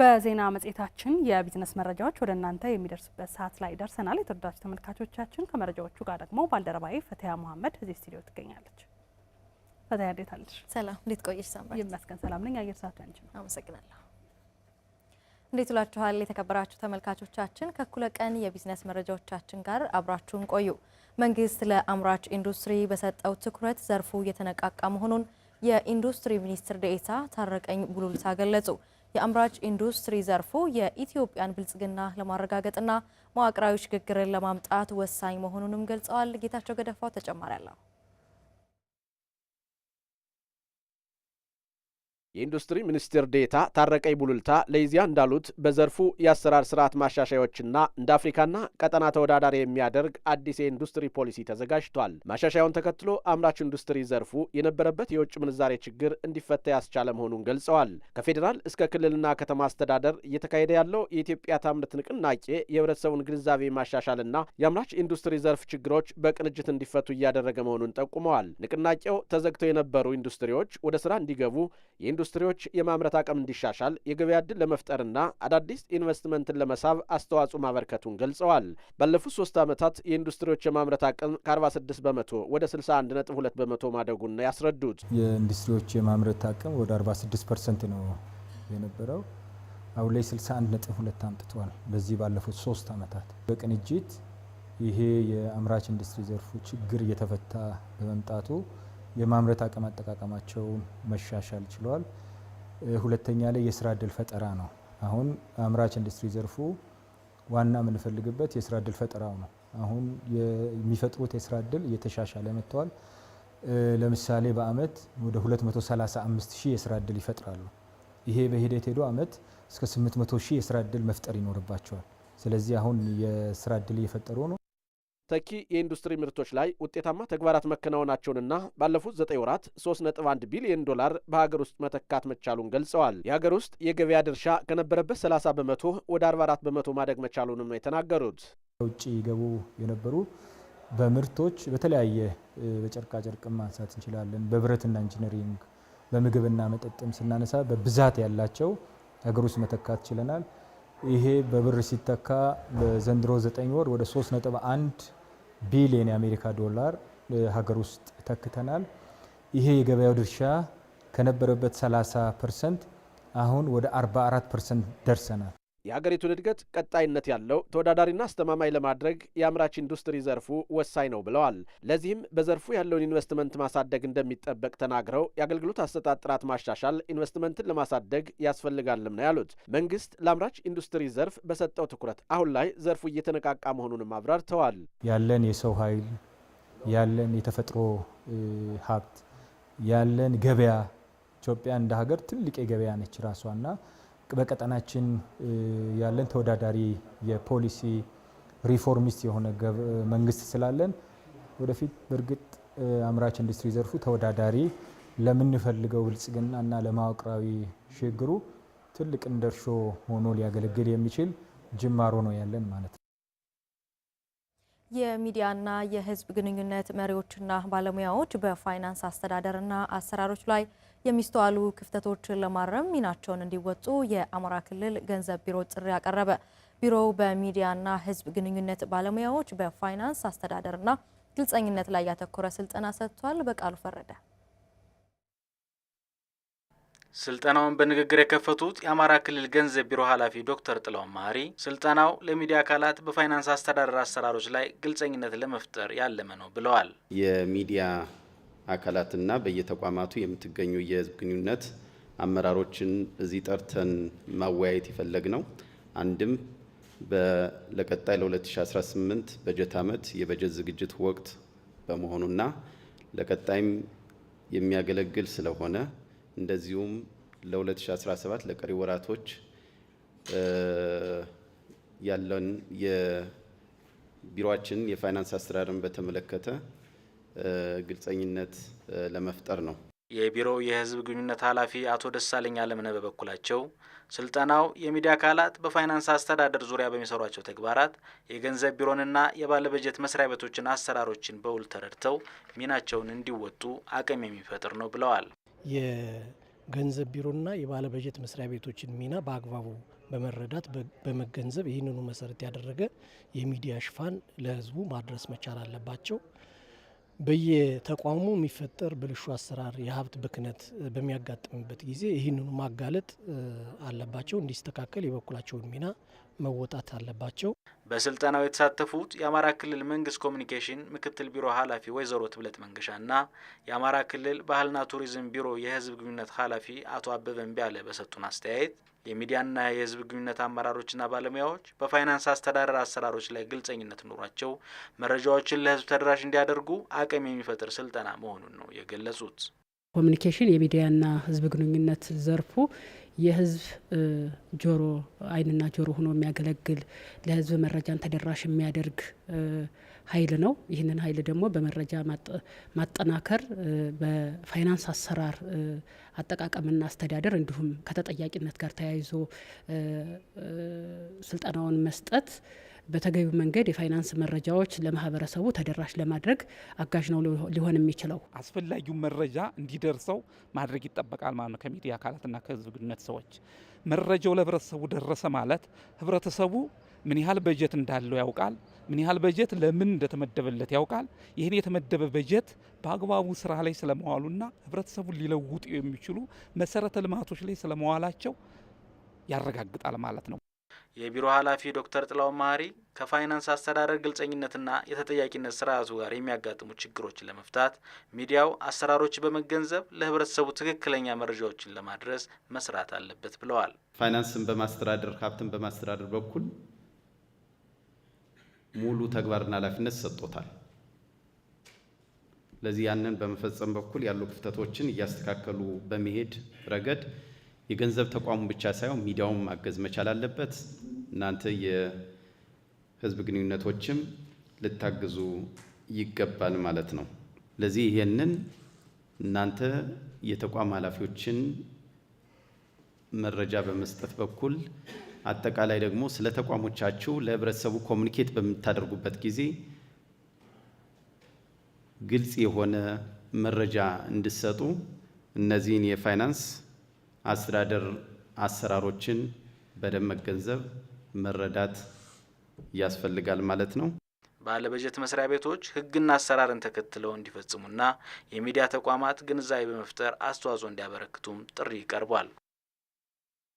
በዜና መጽሔታችን የቢዝነስ መረጃዎች ወደ እናንተ የሚደርሱበት ሰዓት ላይ ደርሰናል። የተወደዳችሁ ተመልካቾቻችን፣ ከመረጃዎቹ ጋር ደግሞ ባልደረባዬ ፈትያ መሀመድ እዚህ ስቱዲዮ ትገኛለች። ፈትያ እንዴት አለሽ? ሰላም፣ እንዴት ቆየሽ? ሳምባ ይመስገን ሰላም ነኝ። አየር ሰዓቱ ያንቺ ነው። አመሰግናለሁ። እንዴት ውላችኋል? የተከበራችሁ ተመልካቾቻችን፣ ከእኩለ ቀን የቢዝነስ መረጃዎቻችን ጋር አብራችሁን ቆዩ። መንግስት ለአምራች ኢንዱስትሪ በሰጠው ትኩረት ዘርፉ እየተነቃቃ መሆኑን የኢንዱስትሪ ሚኒስትር ዴኤታ ታረቀኝ ቡሉልታ ገለጹ። የአምራች ኢንዱስትሪ ዘርፉ የኢትዮጵያን ብልጽግና ለማረጋገጥና መዋቅራዊ ሽግግርን ለማምጣት ወሳኝ መሆኑንም ገልጸዋል። ጌታቸው ገደፋው ተጨማሪ አለው። የኢንዱስትሪ ሚኒስትር ዴታ ታረቀኝ ቡሉልታ ለኢዜአ እንዳሉት በዘርፉ የአሰራር ስርዓት ማሻሻያዎችና እንደ አፍሪካና ቀጠና ተወዳዳሪ የሚያደርግ አዲስ የኢንዱስትሪ ፖሊሲ ተዘጋጅቷል። ማሻሻያውን ተከትሎ አምራች ኢንዱስትሪ ዘርፉ የነበረበት የውጭ ምንዛሬ ችግር እንዲፈታ ያስቻለ መሆኑን ገልጸዋል። ከፌዴራል እስከ ክልልና ከተማ አስተዳደር እየተካሄደ ያለው የኢትዮጵያ ታምርት ንቅናቄ የህብረተሰቡን ግንዛቤ ማሻሻልና የአምራች ኢንዱስትሪ ዘርፍ ችግሮች በቅንጅት እንዲፈቱ እያደረገ መሆኑን ጠቁመዋል። ንቅናቄው ተዘግተው የነበሩ ኢንዱስትሪዎች ወደ ስራ እንዲገቡ ኢንዱስትሪዎች የማምረት አቅም እንዲሻሻል የገበያ ዕድል ለመፍጠርና አዳዲስ ኢንቨስትመንትን ለመሳብ አስተዋጽኦ ማበርከቱን ገልጸዋል። ባለፉት ሶስት ዓመታት የኢንዱስትሪዎች የማምረት አቅም ከ46 በመቶ ወደ 61.2 በመቶ ማደጉን ያስረዱት የኢንዱስትሪዎች የማምረት አቅም ወደ 46 ፐርሰንት ነው የነበረው አሁን ላይ 61.2 አምጥቷል። በዚህ ባለፉት ሶስት ዓመታት በቅንጅት ይሄ የአምራች ኢንዱስትሪ ዘርፉ ችግር እየተፈታ በመምጣቱ የማምረት አቅም አጠቃቀማቸውን መሻሻል ችለዋል። ሁለተኛ ላይ የስራ እድል ፈጠራ ነው። አሁን አምራች ኢንዱስትሪ ዘርፉ ዋና የምንፈልግበት የስራ እድል ፈጠራው ነው። አሁን የሚፈጥሩት የስራ እድል እየተሻሻለ መጥተዋል። ለምሳሌ በአመት ወደ 235 ሺህ የስራ እድል ይፈጥራሉ። ይሄ በሂደት ሄዶ አመት እስከ 800 ሺህ የስራ እድል መፍጠር ይኖርባቸዋል። ስለዚህ አሁን የስራ እድል እየፈጠሩ ነው። ተኪ የኢንዱስትሪ ምርቶች ላይ ውጤታማ ተግባራት መከናወናቸውንና ባለፉት ዘጠኝ ወራት 3.1 ቢሊዮን ዶላር በሀገር ውስጥ መተካት መቻሉን ገልጸዋል። የሀገር ውስጥ የገበያ ድርሻ ከነበረበት 30 በመቶ ወደ 44 በመቶ ማደግ መቻሉንም ነው የተናገሩት። ውጭ ገቡ የነበሩ በምርቶች በተለያየ በጨርቃጨርቅም ማንሳት እንችላለን። በብረትና ኢንጂነሪንግ፣ በምግብና መጠጥም ስናነሳ በብዛት ያላቸው ሀገር ውስጥ መተካት ችለናል። ይሄ በብር ሲተካ በዘንድሮ 9 ወር ወደ 3.1 ቢሊዮን የአሜሪካ ዶላር ሀገር ውስጥ ተክተናል። ይሄ የገበያው ድርሻ ከነበረበት 30 ፐርሰንት አሁን ወደ 44 ፐርሰንት ደርሰናል። የሀገሪቱን እድገት ቀጣይነት ያለው ተወዳዳሪና አስተማማኝ ለማድረግ የአምራች ኢንዱስትሪ ዘርፉ ወሳኝ ነው ብለዋል። ለዚህም በዘርፉ ያለውን ኢንቨስትመንት ማሳደግ እንደሚጠበቅ ተናግረው የአገልግሎት አሰጣጥ ጥራት ማሻሻል ኢንቨስትመንትን ለማሳደግ ያስፈልጋልም ነው ያሉት። መንግስት ለአምራች ኢንዱስትሪ ዘርፍ በሰጠው ትኩረት አሁን ላይ ዘርፉ እየተነቃቃ መሆኑንም አብራርተዋል። ያለን የሰው ኃይል ያለን የተፈጥሮ ሀብት ያለን ገበያ ኢትዮጵያ እንደ ሀገር ትልቅ የገበያ ነች ራሷና በቀጠናችን ያለን ተወዳዳሪ የፖሊሲ ሪፎርሚስት የሆነ መንግስት ስላለን ወደፊት በእርግጥ አምራች ኢንዱስትሪ ዘርፉ ተወዳዳሪ ለምንፈልገው ብልጽግናና ለማወቅራዊ ሽግግሩ ትልቅ እንደርሾ ሆኖ ሊያገለግል የሚችል ጅማሮ ነው ያለን ማለት ነው። የሚዲያና የሕዝብ ግንኙነት መሪዎችና ባለሙያዎች በፋይናንስ አስተዳደርና አሰራሮች ላይ የሚስተዋሉ ክፍተቶችን ለማረም ሚናቸውን እንዲወጡ የአማራ ክልል ገንዘብ ቢሮ ጥሪ አቀረበ። ቢሮው በሚዲያና ሕዝብ ግንኙነት ባለሙያዎች በፋይናንስ አስተዳደርና ግልጸኝነት ላይ ያተኮረ ስልጠና ሰጥቷል። በቃሉ ፈረደ ስልጠናውን በንግግር የከፈቱት የአማራ ክልል ገንዘብ ቢሮ ኃላፊ ዶክተር ጥላውን ማሀሪ ስልጠናው ለሚዲያ አካላት በፋይናንስ አስተዳደር አሰራሮች ላይ ግልጸኝነት ለመፍጠር ያለመ ነው ብለዋል። የሚዲያ አካላትና በየተቋማቱ የምትገኙ የህዝብ ግንኙነት አመራሮችን እዚህ ጠርተን ማወያየት ይፈለግ ነው። አንድም ለቀጣይ ለ2018 በጀት ዓመት የበጀት ዝግጅት ወቅት በመሆኑና ለቀጣይም የሚያገለግል ስለሆነ እንደዚሁም ለ2017 ለቀሪ ወራቶች ያለን የቢሮችን የፋይናንስ አሰራርን በተመለከተ ግልጸኝነት ለመፍጠር ነው። የቢሮው የህዝብ ግንኙነት ኃላፊ አቶ ደሳለኝ አለምነህ በበኩላቸው ስልጠናው የሚዲያ አካላት በፋይናንስ አስተዳደር ዙሪያ በሚሰሯቸው ተግባራት የገንዘብ ቢሮንና የባለበጀት መስሪያ ቤቶችን አሰራሮችን በውል ተረድተው ሚናቸውን እንዲወጡ አቅም የሚፈጥር ነው ብለዋል። የገንዘብ ቢሮና የባለበጀት መስሪያ ቤቶችን ሚና በአግባቡ በመረዳት በመገንዘብ ይህንኑ መሰረት ያደረገ የሚዲያ ሽፋን ለህዝቡ ማድረስ መቻል አለባቸው። በየተቋሙ የሚፈጠር ብልሹ አሰራር፣ የሀብት ብክነት በሚያጋጥምበት ጊዜ ይህንኑ ማጋለጥ አለባቸው። እንዲስተካከል የበኩላቸውን ሚና መወጣት አለባቸው። በስልጠናው የተሳተፉት የአማራ ክልል መንግስት ኮሚኒኬሽን ምክትል ቢሮ ኃላፊ ወይዘሮ ትብለት መንገሻና የአማራ ክልል ባህልና ቱሪዝም ቢሮ የህዝብ ግንኙነት ኃላፊ አቶ አበበ እምቢያለ በሰጡን አስተያየት የሚዲያና የህዝብ ግንኙነት አመራሮችና ባለሙያዎች በፋይናንስ አስተዳደር አሰራሮች ላይ ግልጸኝነት ኑሯቸው መረጃዎችን ለህዝብ ተደራሽ እንዲያደርጉ አቅም የሚፈጥር ስልጠና መሆኑን ነው የገለጹት። ኮሚኒኬሽን የሚዲያና ህዝብ ግንኙነት ዘርፉ የህዝብ ጆሮ አይንና ጆሮ ሆኖ የሚያገለግል ለህዝብ መረጃን ተደራሽ የሚያደርግ ሀይል ነው። ይህንን ሀይል ደግሞ በመረጃ ማጠናከር በፋይናንስ አሰራር አጠቃቀምና አስተዳደር እንዲሁም ከተጠያቂነት ጋር ተያይዞ ስልጠናውን መስጠት በተገቢው መንገድ የፋይናንስ መረጃዎች ለማህበረሰቡ ተደራሽ ለማድረግ አጋዥ ነው ሊሆን የሚችለው። አስፈላጊውን መረጃ እንዲደርሰው ማድረግ ይጠበቃል ማለት ነው ከሚዲያ አካላትና ከህዝብ ግንኙነት ሰዎች። መረጃው ለህብረተሰቡ ደረሰ ማለት ህብረተሰቡ ምን ያህል በጀት እንዳለው ያውቃል። ምን ያህል በጀት ለምን እንደተመደበለት ያውቃል። ይህን የተመደበ በጀት በአግባቡ ስራ ላይ ስለመዋሉና ህብረተሰቡን ሊለውጡ የሚችሉ መሰረተ ልማቶች ላይ ስለመዋላቸው ያረጋግጣል ማለት ነው። የቢሮ ኃላፊ ዶክተር ጥላው ማሪ ከፋይናንስ አስተዳደር ግልጸኝነትና የተጠያቂነት ስርዓቱ ጋር የሚያጋጥሙ ችግሮችን ለመፍታት ሚዲያው አሰራሮች በመገንዘብ ለህብረተሰቡ ትክክለኛ መረጃዎችን ለማድረስ መስራት አለበት ብለዋል። ፋይናንስን በማስተዳደር ሀብትን በማስተዳደር በኩል ሙሉ ተግባርና ኃላፊነት ሰጥቶታል። ለዚህ ያንን በመፈጸም በኩል ያሉ ክፍተቶችን እያስተካከሉ በመሄድ ረገድ የገንዘብ ተቋሙ ብቻ ሳይሆን ሚዲያውም ማገዝ መቻል አለበት። እናንተ የህዝብ ግንኙነቶችም ልታግዙ ይገባል ማለት ነው። ለዚህ ይሄንን እናንተ የተቋም ኃላፊዎችን መረጃ በመስጠት በኩል አጠቃላይ ደግሞ ስለ ተቋሞቻችሁ ለህብረተሰቡ ኮሚኒኬት በምታደርጉበት ጊዜ ግልጽ የሆነ መረጃ እንድሰጡ እነዚህን የፋይናንስ አስተዳደር አሰራሮችን በደንብ መገንዘብ መረዳት ያስፈልጋል ማለት ነው። ባለበጀት መስሪያ ቤቶች ህግና አሰራርን ተከትለው እንዲፈጽሙና የሚዲያ ተቋማት ግንዛቤ በመፍጠር አስተዋጽኦ እንዲያበረክቱም ጥሪ ቀርቧል።